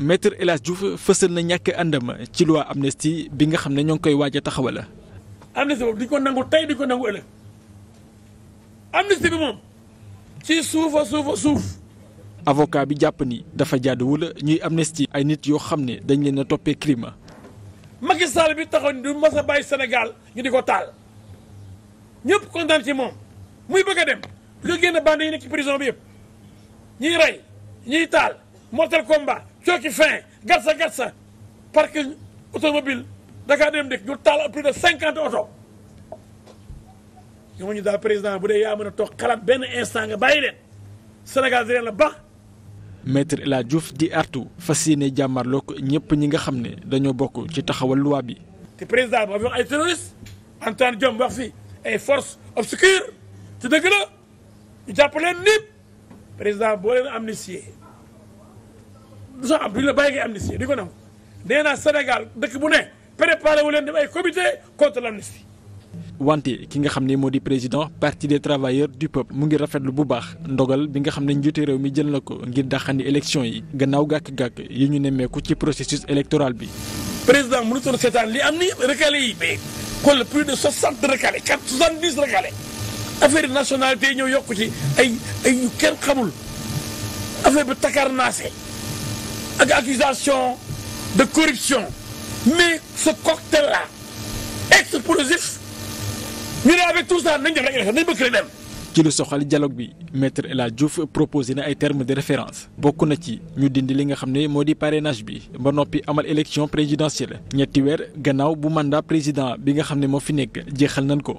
maître El Hadj Diouf na ñàkk àndam ci loi amnistie bi nga xam ne ñoo ngi koy waaj a taxawal. amnistie ko nangu tey di ko nangu ëllëg amnistie bi moom ci suufa suufa suuf. avocat bi jàpp ni dafa jaaduwul ñuy amnistie ay nit yoo xam ne dañ leen a toppee crime. Macky Sall bi taxaw ni du mas bàyyi senegal ñu di ko taal ñëpp kontaan ci moom muy bëgg a dem lu génn bande yi nekk ci prison bi yëpp ñiy rey ñiy taal mortel combat. cooki fin gatsa a parking automobile Dakar dem dëkk ñu taal plus de cinquante daal président bu dee yaa mën a toog xalaat benn instant nga bàyyi leen Sénégal di leen la baax. maître El Hadj Diouf di artu fas yéene jàmmarloog ñëpp ñi nga xam ne dañoo bokk ci taxawal loi bi. te président bi wax ay terroristes Antoine Diome wax fi ay forces obscures ci dëgg la ñu nit président boo leen amnistier. du sax am duñu la bàyyi ngay amnistie di ko nangu nee Sénégal dëkk bu ne préparé wu leen dem ay comité contre l'amnistie wante ki nga xam ne moo di président parti des travailleurs du peuple mu ngi rafetlu bu baax ndogal bi nga xam ne njiitu réew mi jël na ko ngir daxandi élection yi gannaaw gàkk-gàkk yi ñu nemmeeku ci processus électoral bi. président mënutoon seetaan li am ni recalé yi mais xool plus de soixante recalé quatre soixante dix recalé affaire nationalité ñëw yokku ci ay ay ñu kenn xamul affaire bi ak accusation de corruption mais ce cocktail là explosif ñu ne avec tout ça nañ def ci lu soxal jalog bi maître El Hadj Diouf proposé na ay termes de référence bokk na ci ñu dindi li nga xam ne moo di parrainage bi ba noppi amal élection présidentielle ñetti weer gannaaw bu mandat président bi nga xam ne moo fi nekk jeexal nañ ko.